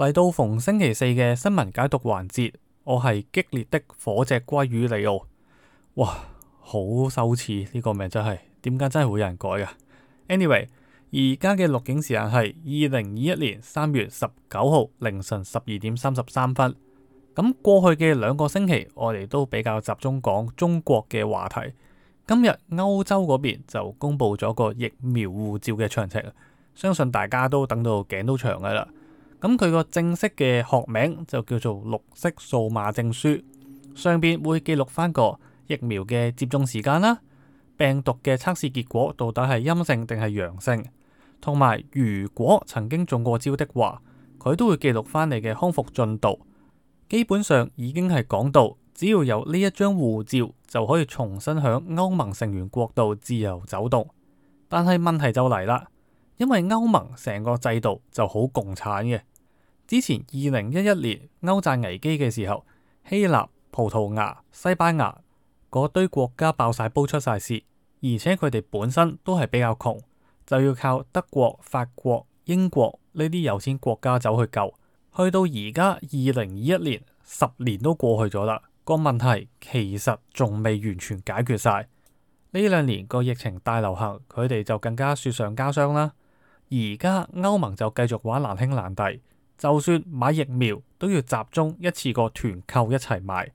嚟到逢星期四嘅新聞解讀環節，我係激烈的火炙龜宇利奧，哇，好羞恥呢，這個名真係，點解真係會有人改噶？Anyway，而家嘅錄影時間係二零二一年三月十九號凌晨十二點三十三分。咁過去嘅兩個星期，我哋都比較集中講中國嘅話題。今日歐洲嗰邊就公布咗個疫苗護照嘅詳情，相信大家都等到頸都長噶啦。咁佢個正式嘅學名就叫做綠色數碼證書，上邊會記錄翻個疫苗嘅接種時間啦，病毒嘅測試結果到底係陰性定係陽性，同埋如果曾經中過招的話，佢都會記錄翻你嘅康復進度。基本上已經係講到，只要有呢一張護照就可以重新響歐盟成員國度自由走動。但係問題就嚟啦，因為歐盟成個制度就好共產嘅。之前二零一一年歐債危機嘅時候，希臘、葡萄牙、西班牙嗰堆國家爆晒煲出晒事，而且佢哋本身都係比較窮，就要靠德國、法國、英國呢啲有錢國家走去救。去到而家二零二一年，十年都過去咗啦，個問題其實仲未完全解決晒。呢兩年個疫情大流行，佢哋就更加雪上加霜啦。而家歐盟就繼續玩難兄難弟。就算買疫苗都要集中一次個團購一齊買，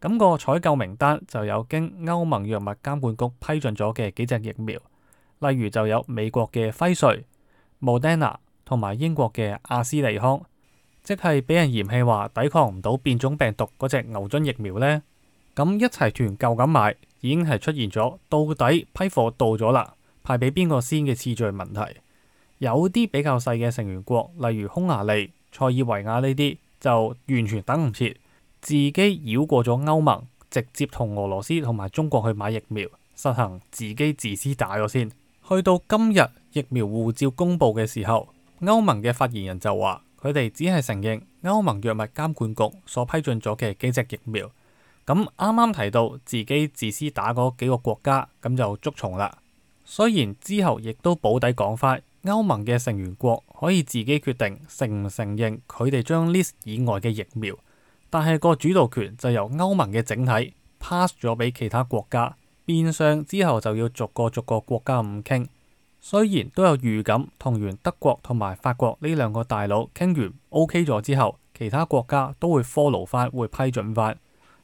咁個採購名單就有經歐盟藥物監管局批准咗嘅幾隻疫苗，例如就有美國嘅輝瑞、Moderna 同埋英國嘅阿斯利康，即係俾人嫌棄話抵抗唔到變種病毒嗰隻牛津疫苗呢。咁一齊團購咁買已經係出現咗到底批貨到咗啦，派俾邊個先嘅次序問題。有啲比較細嘅成員國，例如匈牙利。塞爾維亞呢啲就完全等唔切，自己繞過咗歐盟，直接同俄羅斯同埋中國去買疫苗，實行自己自私打咗先。去到今日疫苗護照公佈嘅時候，歐盟嘅發言人就話佢哋只係承認歐盟藥物監管局所批准咗嘅幾隻疫苗。咁啱啱提到自己自私打嗰幾個國家，咁就捉蟲啦。雖然之後亦都保底講返。歐盟嘅成員國可以自己決定承唔承認佢哋將 list 以外嘅疫苗，但係個主導權就由歐盟嘅整體 pass 咗俾其他國家。變相之後就要逐個逐個國家咁傾。雖然都有預感同完德國同埋法國呢兩個大佬傾完 OK 咗之後，其他國家都會 follow 返，會批准返，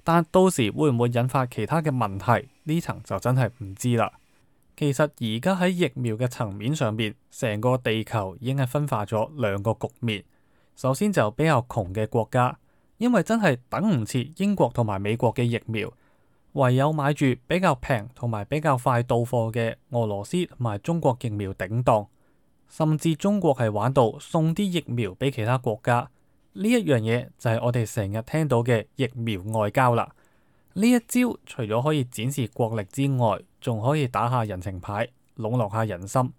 但到時會唔會引發其他嘅問題，呢層就真係唔知啦。其實而家喺疫苗嘅層面上面，成個地球已經係分化咗兩個局面。首先就比較窮嘅國家，因為真係等唔切英國同埋美國嘅疫苗，唯有買住比較平同埋比較快到貨嘅俄羅斯同埋中國疫苗頂檔，甚至中國係玩到送啲疫苗俾其他國家。呢一樣嘢就係我哋成日聽到嘅疫苗外交啦。呢一招除咗可以展示國力之外，仲可以打下人情牌，籠絡下人心。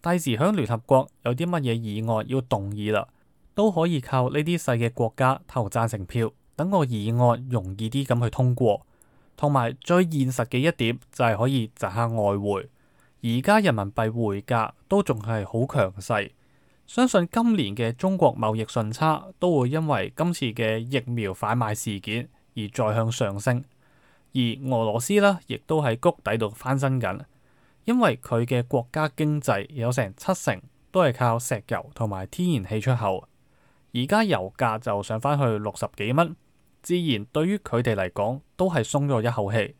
第時響聯合國有啲乜嘢議案要動議啦，都可以靠呢啲細嘅國家投贊成票，等個議案容易啲咁去通過。同埋最現實嘅一點就係可以賺下外匯。而家人民幣匯價都仲係好強勢，相信今年嘅中國貿易順差都會因為今次嘅疫苗販賣事件而再向上升。而俄羅斯呢，亦都喺谷底度翻身緊，因為佢嘅國家經濟有成七成都係靠石油同埋天然氣出口，而家油價就上返去六十幾蚊，自然對於佢哋嚟講都係鬆咗一口氣。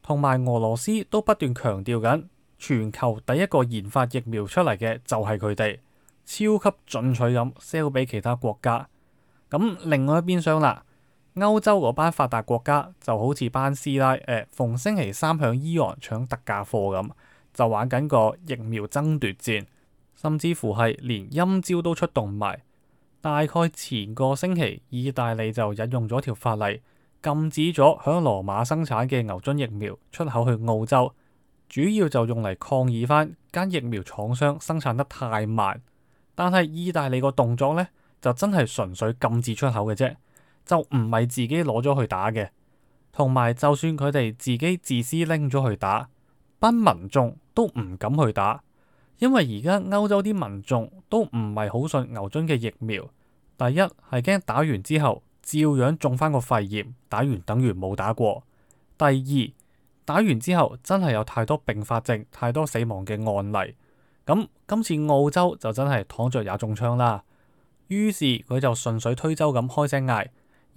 同埋俄羅斯都不斷強調緊，全球第一個研發疫苗出嚟嘅就係佢哋，超級進取咁 sell 俾其他國家。咁、嗯、另外一邊廂啦。歐洲嗰班發達國家就好似班師奶，誒、呃、逢星期三響 AEON 搶特價貨咁，就玩緊個疫苗爭奪戰，甚至乎係連陰招都出動埋。大概前個星期，意大利就引用咗條法例，禁止咗響羅馬生產嘅牛津疫苗出口去澳洲，主要就用嚟抗議翻間疫苗廠商生產得太慢。但係意大利個動作呢，就真係純粹禁止出口嘅啫。就唔係自己攞咗去打嘅，同埋就算佢哋自己自私拎咗去打，班民眾都唔敢去打，因為而家歐洲啲民眾都唔係好信牛津嘅疫苗，第一係驚打完之後照樣中翻個肺炎，打完等於冇打過；第二打完之後真係有太多併發症、太多死亡嘅案例，咁今次澳洲就真係躺着也中槍啦，於是佢就順水推舟咁開聲嗌。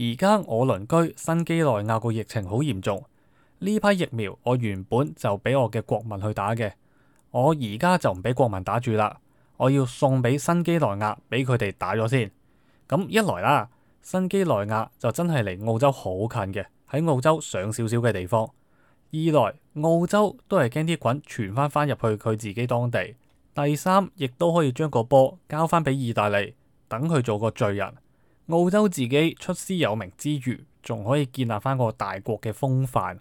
而家我鄰居新幾內亞個疫情好嚴重，呢批疫苗我原本就俾我嘅國民去打嘅，我而家就唔俾國民打住啦，我要送俾新幾內亞俾佢哋打咗先。咁一來啦，新幾內亞就真係離澳洲好近嘅，喺澳洲上少少嘅地方；二來澳洲都係驚啲菌傳翻翻入去佢自己當地；第三亦都可以將個波交翻俾意大利，等佢做個罪人。澳洲自己出師有名之餘，仲可以建立翻個大國嘅風範。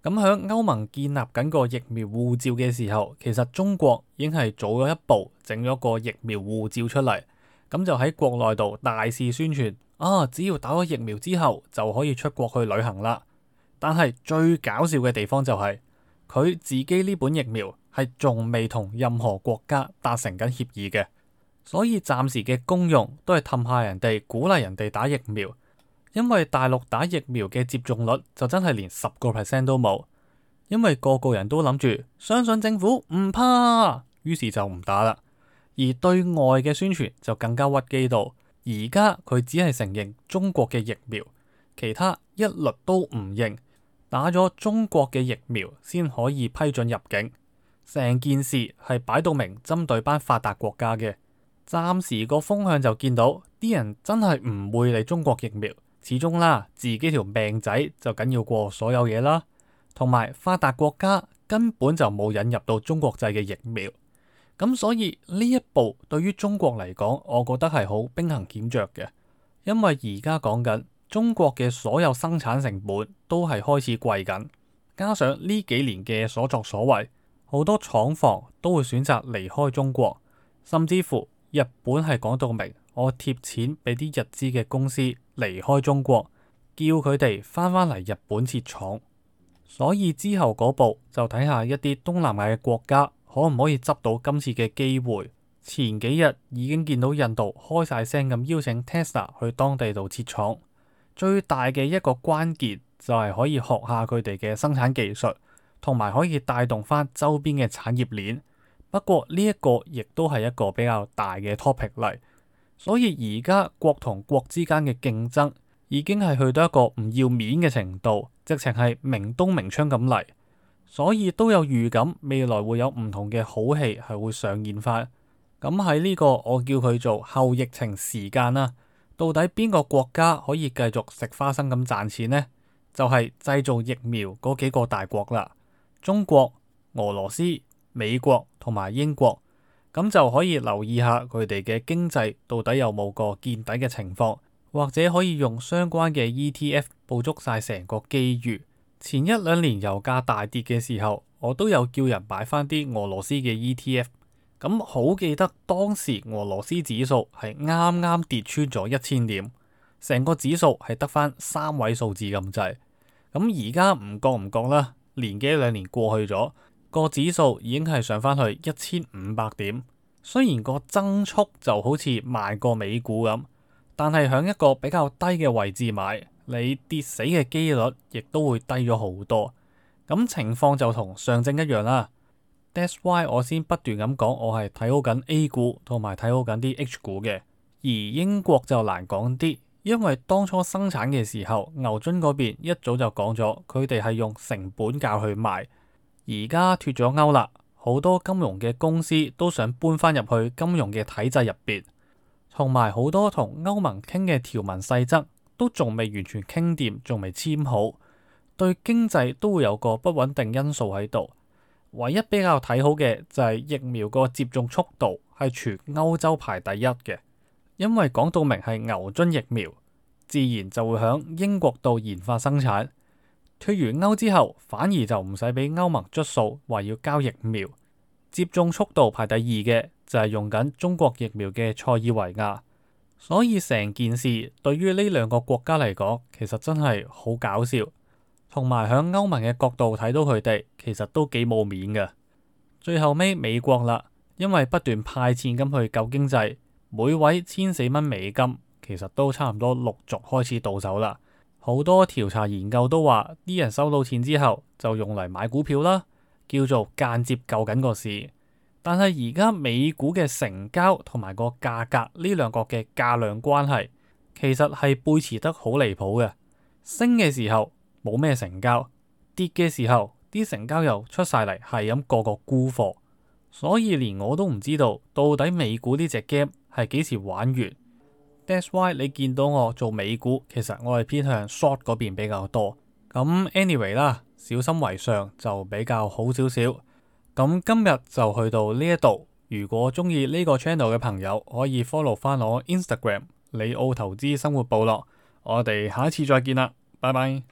咁響歐盟建立緊個疫苗護照嘅時候，其實中國已經係早咗一步整咗個疫苗護照出嚟。咁就喺國內度大肆宣傳，啊，只要打咗疫苗之後就可以出國去旅行啦。但係最搞笑嘅地方就係佢自己呢本疫苗係仲未同任何國家達成緊協議嘅。所以暫時嘅功用都係氹下人哋，鼓勵人哋打疫苗，因為大陸打疫苗嘅接種率就真係連十個 percent 都冇，因為個個人都諗住相信政府唔怕，於是就唔打啦。而對外嘅宣傳就更加屈機到，而家佢只係承認中國嘅疫苗，其他一律都唔認，打咗中國嘅疫苗先可以批准入境。成件事係擺到明，針對班發達國家嘅。暫時個風向就見到啲人真係唔會嚟中國疫苗，始終啦，自己條命仔就緊要過所有嘢啦。同埋，發達國家根本就冇引入到中國製嘅疫苗，咁所以呢一步對於中國嚟講，我覺得係好兵行險着嘅，因爲而家講緊中國嘅所有生產成本都係開始貴緊，加上呢幾年嘅所作所為，好多廠房都會選擇離開中國，甚至乎。日本係，講到明，我貼錢俾啲日資嘅公司離開中國，叫佢哋返返嚟日本設廠。所以之後嗰步就睇下一啲東南亞嘅國家可唔可以執到今次嘅機會。前幾日已經見到印度開晒聲咁邀請 Tesla 去當地度設廠。最大嘅一個關鍵就係可以學下佢哋嘅生產技術，同埋可以帶動翻周邊嘅產業鏈。不過呢一個亦都係一個比較大嘅 topic 嚟，所以而家國同國之間嘅競爭已經係去到一個唔要面嘅程度，直情係明刀明槍咁嚟，所以都有預感未來會有唔同嘅好戲係會上演返。咁喺呢個我叫佢做後疫情時間啦，到底邊個國家可以繼續食花生咁賺錢呢？就係、是、製造疫苗嗰幾個大國啦，中國、俄羅斯。美國同埋英國咁就可以留意下佢哋嘅經濟到底有冇個見底嘅情況，或者可以用相關嘅 ETF 捕捉晒成個機遇。前一兩年油價大跌嘅時候，我都有叫人擺翻啲俄羅斯嘅 ETF。咁好記得當時俄羅斯指數係啱啱跌穿咗一千點，成個指數係得翻三位數字咁滯。咁而家唔覺唔覺啦，年幾兩年過去咗。個指數已經係上翻去一千五百點，雖然個增速就好似慢過美股咁，但係響一個比較低嘅位置買，你跌死嘅幾率亦都會低咗好多。咁情況就同上證一樣啦。That’s why 我先不斷咁講，我係睇好緊 A 股同埋睇好緊啲 H 股嘅，而英國就難講啲，因為當初生產嘅時候，牛津嗰邊一早就講咗，佢哋係用成本價去賣。而家脫咗歐啦，好多金融嘅公司都想搬翻入去金融嘅體制入邊，同埋好多同歐盟傾嘅條文細則都仲未完全傾掂，仲未簽好，對經濟都會有個不穩定因素喺度。唯一比較睇好嘅就係疫苗個接種速度係全歐洲排第一嘅，因為講到明係牛津疫苗，自然就會響英國度研發生產。退完歐之後，反而就唔使俾歐盟捉數，話要交疫苗，接種速度排第二嘅就係、是、用緊中國疫苗嘅塞爾維亞，所以成件事對於呢兩個國家嚟講，其實真係好搞笑。同埋響歐盟嘅角度睇到佢哋，其實都幾冇面㗎。最後尾美國啦，因為不斷派錢咁去救經濟，每位千四蚊美金，其實都差唔多陸續開始到手啦。好多調查研究都話啲人收到錢之後就用嚟買股票啦，叫做間接救緊個市。但係而家美股嘅成交同埋個價格呢兩個嘅價量關係，其實係背馳得好離譜嘅。升嘅時候冇咩成交，跌嘅時候啲成交又出晒嚟，係咁個個沽貨。所以連我都唔知道到底美股呢隻 game 係幾時玩完。That's why 你見到我做美股，其實我係偏向 short 嗰邊比較多。咁 anyway 啦，小心為上就比較好少少。咁今日就去到呢一度。如果鍾意呢個 channel 嘅朋友，可以 follow 翻我 Instagram 里奧投資生活部落。我哋下一次再見啦，拜拜。